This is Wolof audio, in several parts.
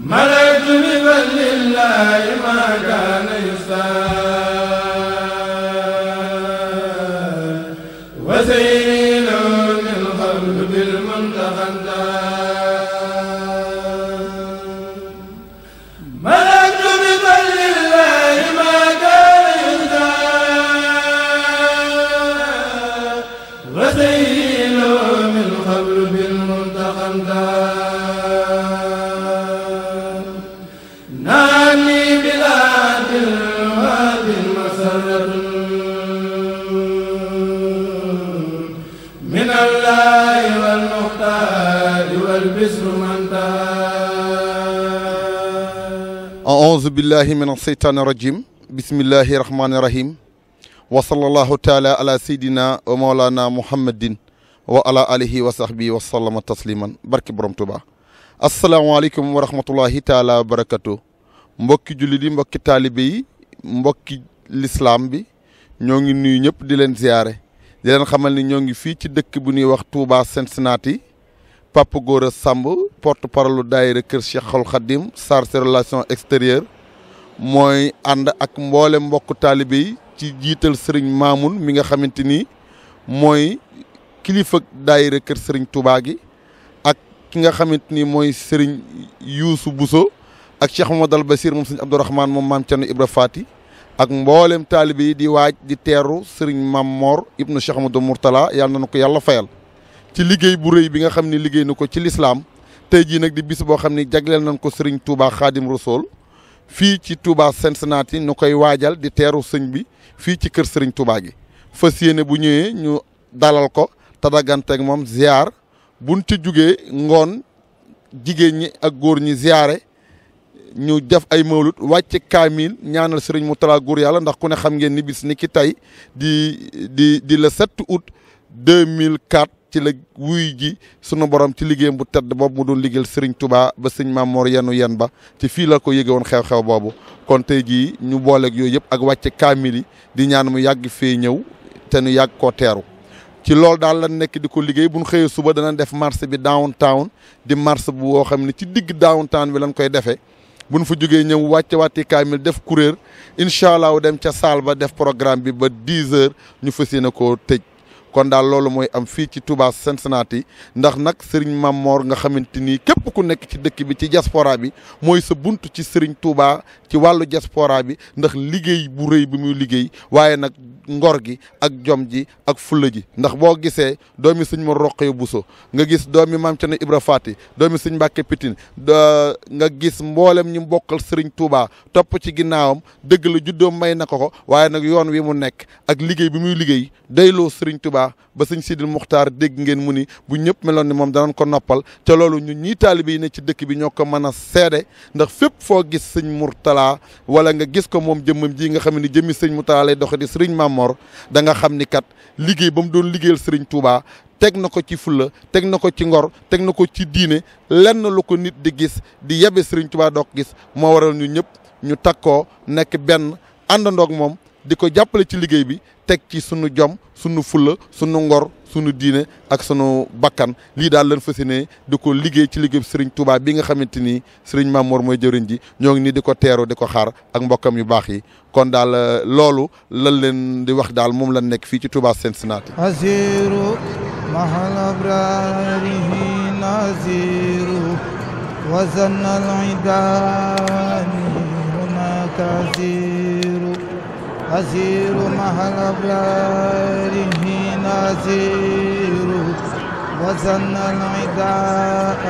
ملأت ببل الله ما كان يستاهل aouzu billahi min aseytaani rajim bismillahi rahmaani rahim wa sallallahu taala ala saydina wa maolana muhammadin wa ala alihi wa sahbihi wa sallama tasliman barki borom tuba asalaamaaleykum wa rahmatullahi taala wa barakatu mbokki jullit mbokki taalibe mbokki lislaam bi ñoo ngi nuyu ñépp di leen ziyaare di leen xamal ni ñoo ngi fii ci dëkk bu ñuy wax Touba Cincinnati Pape Gora sàmb porte parole daayira Kër Cheikhul Khadim sar ses relations mooy ànd ak mboole mbokk taalibe yi ci jiital sëriñ Mamoun mi nga xamante ni mooy kilifa daayira kër sëriñ Touba gi ak ki nga xamante ni mooy sëriñ Youssou Bousso ak Cheikh Mamadou Al Basir moom sëriñ Abdourahmane moom maam Thierno Ibra Fati ak mboolem taalibe yi di waaj di teeru sëriñ Mam Mor ibnu Cheikh Mamadou Mourtala yaa na ko yàlla fayal. ci liggéey bu rëy bi nga xam ne liggéey na ko ci lislaam tey jii nag di bis boo xam ne jagleel nañ ko sëriñ Touba Khadim Rasoul fii ci Touba Cincinnati nu koy waajal di teeru sëñ bi fii ci kër sëriñ Touba gi fas yéene bu ñëwee ñu dalal ko tadaganteeg moom ziar buñ ci jugee ngoon jigéen ñi ak góor ñi ziare ñu def ay mawlut wàcc kaamil ñaanal sëriñ Moutala góor yàlla ndax ku ne xam ngeen ni bis ni ki tey di di di le 7 août 2004. ci la wuy ji sunu borom ci liggéeyam bu tedd boobu mu doon liggéeyal Serigne tubaa ba sëñ Maam Mor yenu yen ba ci fii la ko yëge woon xew-xew boobu kon tey jii ñu booleeg yooyu yëpp ak wàcce kaamil yi di ñaan mu yàgg fee ñëw te nu yàgg koo teeru ci loolu daal la nekk di ko liggéey bu ñu xëyee suba dana def marché bi downtown di marché bu woo xam ne ci digg downtown bi lañ koy defee bu ñu fa jógee ñëw wàcce wàtti kaamil def kuréer incha allah dem ca saal ba def programme bi ba 10 heures ñu fas yéene koo tëj. kon daal loolu mooy am fii ci Touba Cincinnati ndax nag Serigne Mamor nga xamante ni képp ku nekk ci dëkk bi ci diaspora bi mooy sa bunt ci Serigne Touba ci wàllu jaspora bi ndax liggéey bu rëy bi muy liggéey waaye nag ngor gi ak jom ji ak fulla ji ndax boo gisee doomi sëñ ma roqee buso nga gis doomi maam Cerno Ibra Faati doomi sëñ Mbàkke Pitin nga gis mboolem ñu bokkal sëriñ Touba topp ci ginnaawam dëgg la juddoom may na ko ko waaye nag yoon wi mu nekk ak liggéey bi muy liggéey dayloo sëriñ Touba ba sëñ Sidil Muxtaar dégg ngeen mu ni bu ñëpp meloon ni moom danañ ko noppal te loolu ñu ñii taalibe yi ne ci dëkk bi ñoo ko mën a seede ndax fépp foo gis sëñ Murtala wala nga gis ko moom jëmmam ji nga xam ne jëmmi sëñ Murtala lay doxe di sëriñ maam Mor da nga xam ni kat liggéey ba mu doon liggéeyal Serigne Touba teg na ko ci fulla teg na ko ci ngor teg na ko ci diine lenn lu ko nit di gis di yebe Serigne Touba doog gis moo waral ñu ñëpp ñu takkoo nekk benn àndandoog moom. di ko jàppale ci liggéey bi teg ci sunu jom sunu fulla sunu ngor sunu diine ak sunu bakkan lii daal leen fas yéene di ko liggéey ci liggéey bi sëriñ Touba bi nga xamante ni sëriñ Mamour mooy jëriñ ji ñoo ngi nii di ko teeru di ko xar ak mbokkam yu baax yi kon daal euh, loolu lan leen di wax daal moom la nekk fii ci Touba Cincinnati aziru mahal abrarihi naziru wazannal idani hunaka aziru أسير مع الأبراره نازير وزن العداء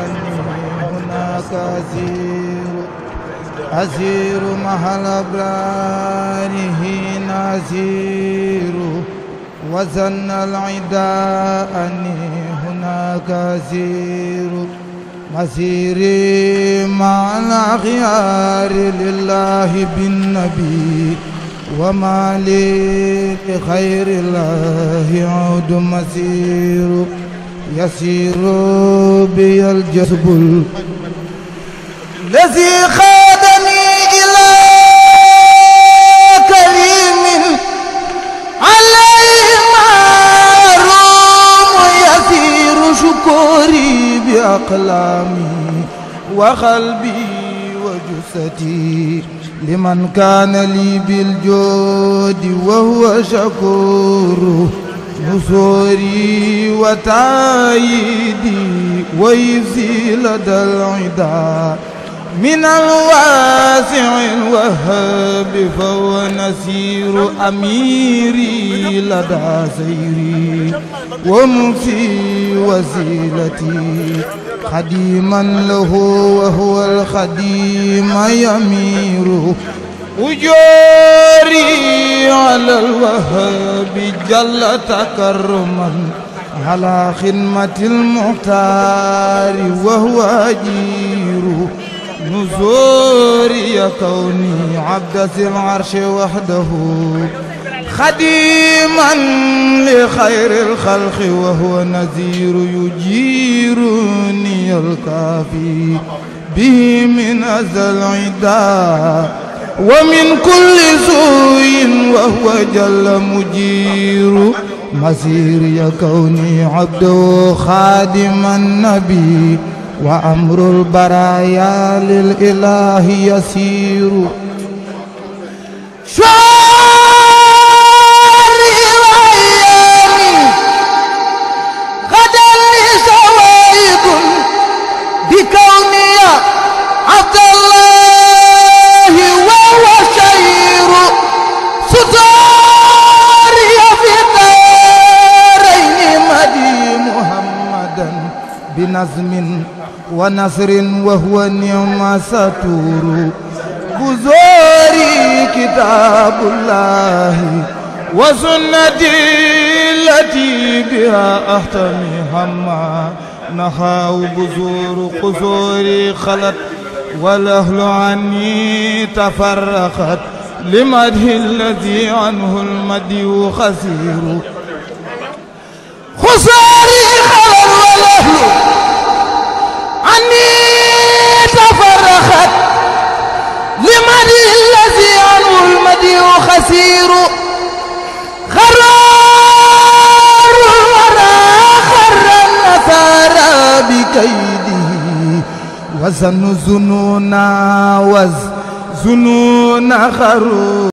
هناك أسير أسير مع الأبراره نازير وزن العداء هناك أسير مسيري مع الأخيار لله بالنبي وما لي لخير الله عود مسير يسير بي الجسب الذي خادني إلى كريم عليه معروم يسير شكري بأقلامي وقلبي وجثتي لمن كان لي بالجود وهو شكور نصوري وتايدي ويزي لدى العدا من الواسع الوهاب فهو نسير أميري لدى سيري ومفي وسيلتي خديما له وهو الخديم يميره وجوري على الوهاب جل تكرما على خدمة المختار وهو أجيره نزوري كوني عبد العرش وحده خديما لخير الخلق وهو نذير يجيرني الكافي به من أذى العداء ومن كل سوء وهو جل مجير مسيري كوني عبده خادم النبي وأمر البرايا للإله يسير شو بنظم ونصر وهو نعم ستور بزوري كتاب الله وسنتي التي بها أحتمي هما نخاو بزور قصوري خلت والأهل عني تفرقت لمدح الذي عنه المدي خسير خسير أني تفرخت لمدي الذي عنه المدي خسير خرار الورى خر النثارى بكيده وزن زنونا وزنون خرور